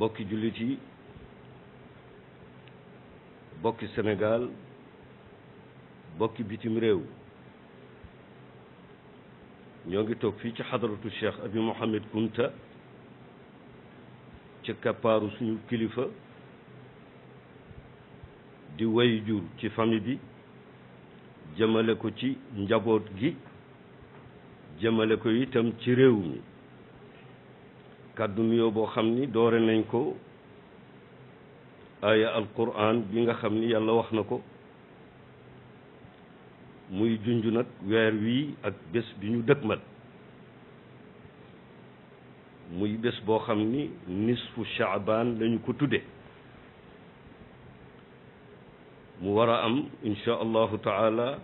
bokki jullit yi bokki Sénégal bokki bitim réew ñoo ngi toog fii ci xadaratu Cheikh Abi Mouhamed Kunta ci kappaaru suñu kilifa di way jur ci famille bi jëmale ko ci njaboot gi jëmale ko itam ci réew mi kàddu nuyoo boo xam ni doore nañ ko aaya alquran bi nga xam ni yàlla wax na ko muy junj nag weer wii ak bés bi ñu dëgmal muy bés boo xam ni nisfu chaabaan lañu ko tudde mu war a am insha taala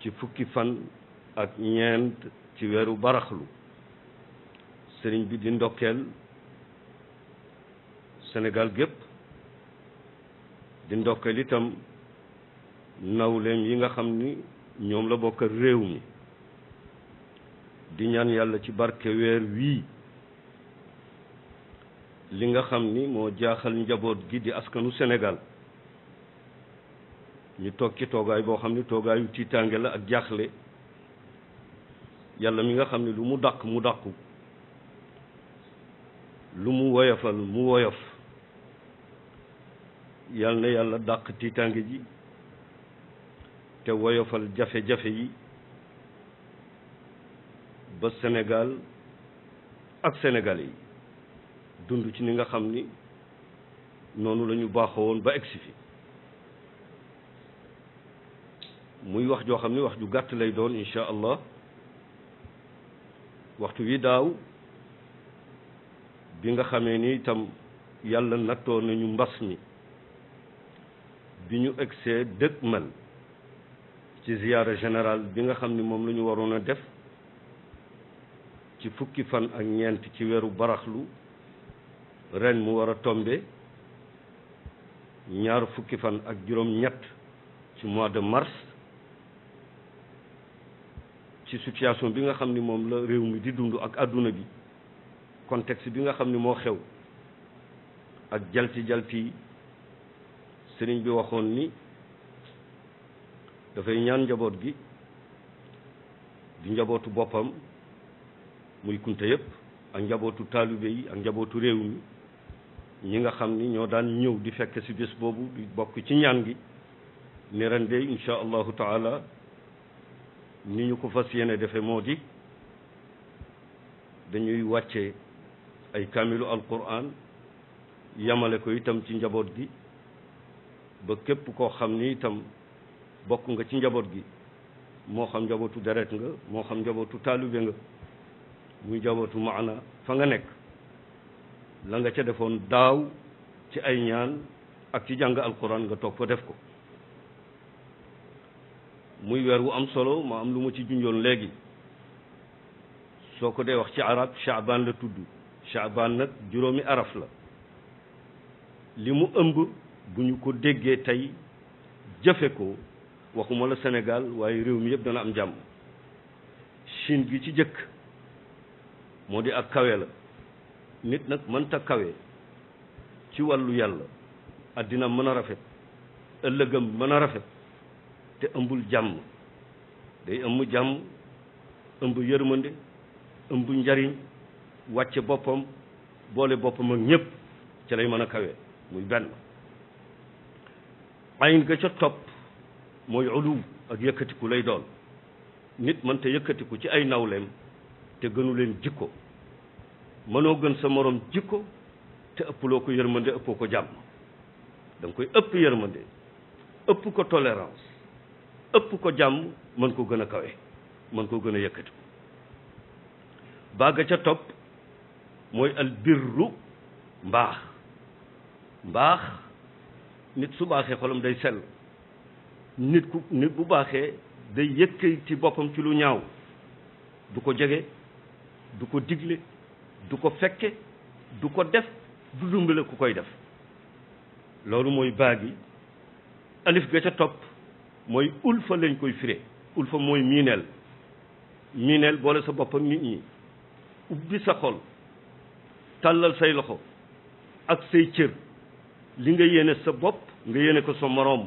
ci fukki fan ak ñeent ci weeru baraxlu sëriñ bi di ndokkeel Sénégal gépp di ndokkeel itam nawleem yi nga xam ni ñoom la bokk réew mi di ñaan yàlla ci barke weer wii li nga xam ni moo jaaxal njaboot gi di askanu Sénégal ñu toog ci toogaay boo xam ni toogaayu tiitaange la ak jaaxle yàlla mi nga xam ni lu mu dàq mu dàqu lu mu woyofal mu woyof yal na yàlla dàq tiitaange ji te woyofal jafe-jafe yi ba Sénégal ak Sénégalais yi dund ci ni nga xam ni noonu la ñu baaxoo woon ba egsi fi muy wax joo xam ni wax ju gàtt lay doon incha allah waxtu wi daaw bi nga xamee ni itam yàlla nattoo nañu mbas mi bi ñu egsee dëkk man ci ziyaara général bi nga xam ni moom lañu waroon a def ci fukki fan ak ñeent ci weeru baraxlu ren mu war a tombe ñaar fukki fan ak juróom-ñett ci mois de mars ci situation bi nga xam ni moom la réew mi di dund ak àdduna bi contexte bi nga xam ni moo xew ak jalti jalti yi sëriñ bi waxoon ni dafay ñaan njaboot gi di njabootu boppam muy kunta yëpp ak njabootu taalibe yi ak njabootu réew mi ñi nga xam ni ñoo daan ñëw di fekk ci bés boobu di bokk ci ñaan gi ne ren de insha allahu taala ni ñu ko fas yéene defe moo di dañuy wàcce ay kaamilu alquran yamale ko itam ci njaboot gi ba képp koo xam ni itam bokk nga ci njaboot gi moo xam njabootu deret nga moo xam njabootu taalibe nga muy njabootu maana fa nga nekk la nga ca defoon daaw ci ay ñaan ak ci jàng alquran nga toog fa def ko muy weer wu am solo ma am lu ma ci junjoon léegi soo ko dee wax ci arab chaaban la tudd Chaabaan nag juróomi araf la li mu ëmb bu ñu ko déggee tey jëfe ko waxuma la Sénégal waaye réew mi yëpp dana am jàmm Chine gi ci jëkk moo di ak kawe la nit nag mënta kawe ci wàllu yàlla àddina mën a rafet ëllëgam mën a rafet te ëmbul jàmm day ëmb jàmm ëmb yërmande ëmb njariñ wàcce boppam boole boppam ak ñëpp ci lay mën a kawe muy benn ayin ga ca topp mooy uluw ak yëkkatiku lay doon nit mënta yëkkatiku ci ay nawleem te gënu leen jikko mënoo gën sa morom jikko te ëpploo ko yërmande ëppoo ko jàmm dang koy ëpp yërmande ëpp ko tolérance ëpp ko jàmm mën ko gën a kawe mën ko gën a yëkkatiku baaga ca topp mooy al birru mbaax mbaax nit su baaxee xolam day sell nit ku nit bu baaxee day yëkkay ci boppam ci lu ñaaw du ko jege du ko digle du ko fekke du ko def du dumbale ku koy def loolu mooy baa gi alif ga ca topp mooy fa lañ koy firee fa mooy miineel miineel boole sa boppam nit ñi ubbi sa xol tàllal say loxo ak say cër li nga yéene sa bopp nga yéene ko sa moroom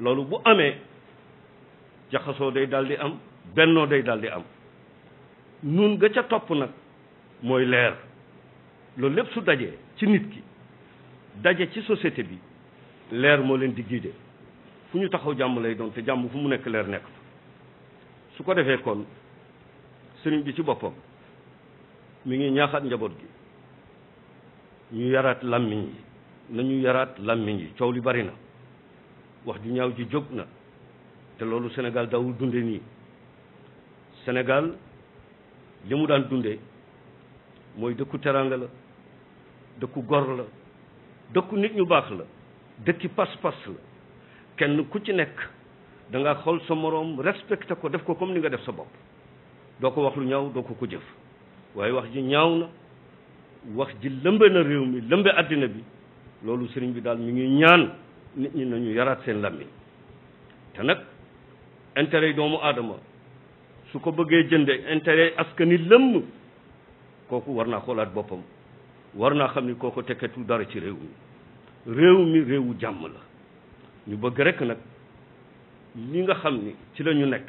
loolu bu amee jaxasoo day daldi am bennoo day daldi am nun nga ca topp nag mooy leer loolu lépp su dajee ci nit ki daje ci société bi leer moo leen di guider fu ñu taxaw jàmm lay doon te jàmm fu mu nekk leer nekk su ko defee kon sëriñ bi ci boppam mu ngi ñaaxaat njaboot gi ñu yaraat làmmiñ yi nañu yaraat làmmiñ yi coow li bari na wax ju ñaaw ji jóg na te loolu Sénégal daawul dunde nii Sénégal li mu daan dunde mooy dëkku teranga la dëkku gor la dëkku nit ñu baax la dëkki pas-pas la kenn ku ci nekk da nga xool sa moroom respecté ko def ko comme ni nga def sa bopp doo ko wax lu ñaaw doo ko ko jëf waaye wax ji ñaaw na wax ji lëmbe na réew mi lëmbe àddina bi loolu sëriñ bi daal mu ngi ñaan nit ñi nañu yaraat seen làmmiñ te nag intere yi doomu aadama su ko bëggee jënde intérêt askan ni lëmm kooku war naa xoolaat boppam war naa xam ni kooku tekketul dara ci réew mi réew mi réewu jàmm la ñu bëgg rekk nag li nga xam ni ci la ñu nekk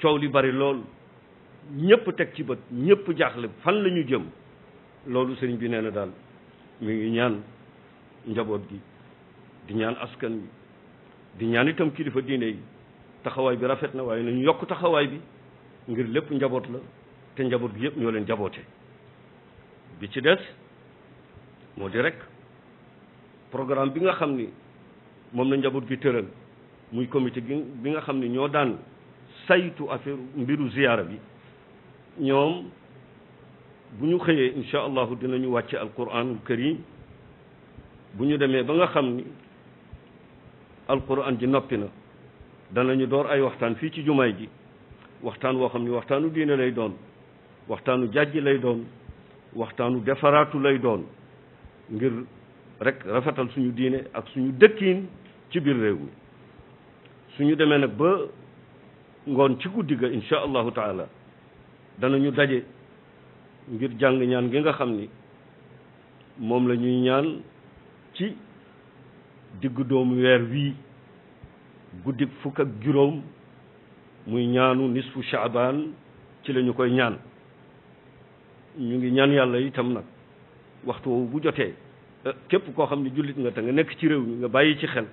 coow li bari lool ñëpp teg ci bët ñëpp jaaxle fan la ñu loolu sëriñ bi nee na daal mi ngi ñaan njaboot gi di ñaan askan wi di ñaan itam kilifa diine yi taxawaay bi rafet na waaye nañu yokk taxawaay bi ngir lépp njaboot la te njaboot gi yëpp ñoo leen njaboote bi ci des moo di rek programme bi nga xam ni moom la njaboot gi tëral muy comité gi bi nga xam ni ñoo daan saytu affaire mbiru ziyaara bi ñoom bu ñu xëyee incha allahu dinañu wàcce alquranul karim bu ñu demee ba nga xam ni alquran ji noppi na danañu door ay waxtaan fii ci jumaay ji waxtaan woo xam ni waxtaanu diine lay doon waxtaanu jàjj lay doon waxtaanu defaraatu lay doon ngir rek rafetal suñu diine ak suñu dëkkiin ci biir réew mi suñu demee nag ba ngoon ci guddi ga incha allahu taala danañu daje ngir jàng ñaan gi nga xam ni moom la ñuy ñaan ci diggu doomu weer wii guddik fukk ak juróom muy ñaanu nisfu shaabaan ci lañu koy ñaan ñu ngi ñaan yàlla itam nag waxtu woowu bu jotee eh, képp koo xam ne jullit nga te nga nekk ci réew mi nga bàyyi ci xel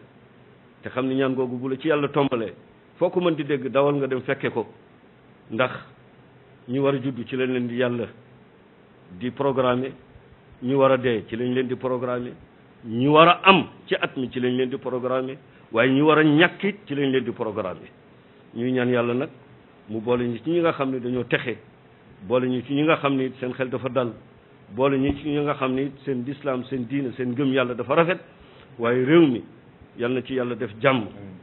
te xam ne ñaan googu bu la ci yàlla tombalee foo ko mën di dégg dawal nga dem fekke ko ndax ñu war a juddu ci la leen di yàlla di programmer ñi war a dee ci lañ leen di programmer ñi war a am ci at mi ci lañ leen di programmer waaye ñi war a ñàkkit ci lañ leen di programmer ñuy ñaan yàlla nag mu boole ñu ci ñi nga xam ne dañoo texe boole ñu ci ñi nga xam ni seen xel dafa dal boole ñu ci ñi nga xam ni seen lislaam seen diine seen gëm yàlla dafa rafet waaye réew mi yal na ci yàlla def jàmm